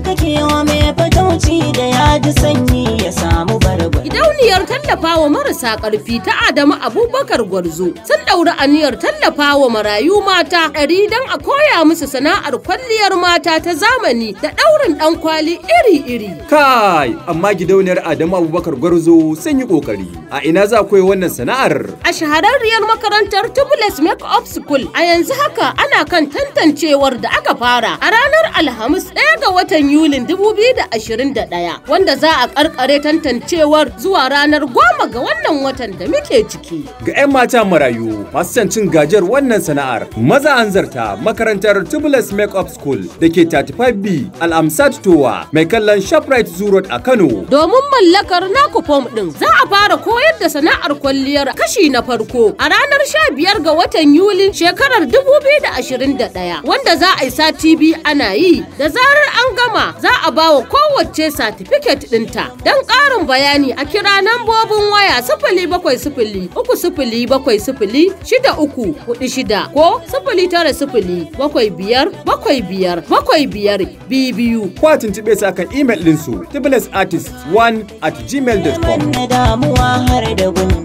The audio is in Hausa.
da kake wa mai fatauci da ya ji sanyi ya samu barbar. Gidauniyar tallafawa marasa ƙarfi ta Adamu Abubakar Gwarzo sun ɗaura aniyar tallafa marayu mata ɗari don a koya musu sana'ar kwalliyar mata ta zamani da ɗaurin ɗan kwali iri-iri. Kai, amma gidauniyar Adamu Abubakar Gwarzo sun yi ƙoƙari. A ina za koyi wannan sana'ar? A shahararriyar makarantar Tubulus Make-up School a yanzu haka ana kan tantancewar da aka fara a ranar Alhamis ɗaya ga watan Yulin ɗaya, wanda za a ƙarƙare tantancewar zuwa ranar goma ga wannan watan da muke ciki. Ga 'yan mata marayu masu cancin gajiyar wannan sana'ar. Maza an zarta makarantar Tubulus Makeup School da ke 35B Al'amsat Towa mai kallon Shoprite Zurot a Kano. Domin mallakar naku fom ɗin za a fara koyar da sana'ar kwalliyar kashi na farko a ranar sha biyar ga watan Yuli shekarar da da ashirin ɗaya, wanda za a yi sati biyu ana yi da zarar an gama za a ba wa kowace satifiket ɗinta. Don ƙarin bayani a kira nambobin waya sifili bakwai sifili uku sifili bakwai sifili shida uku hudu shida ko sifili tara sifili bakwai biyar bakwai biyar bakwai biyar biyu biyu. Ko a tuntuɓe su akan imel ɗinsu tibilasartist one at gmail.com.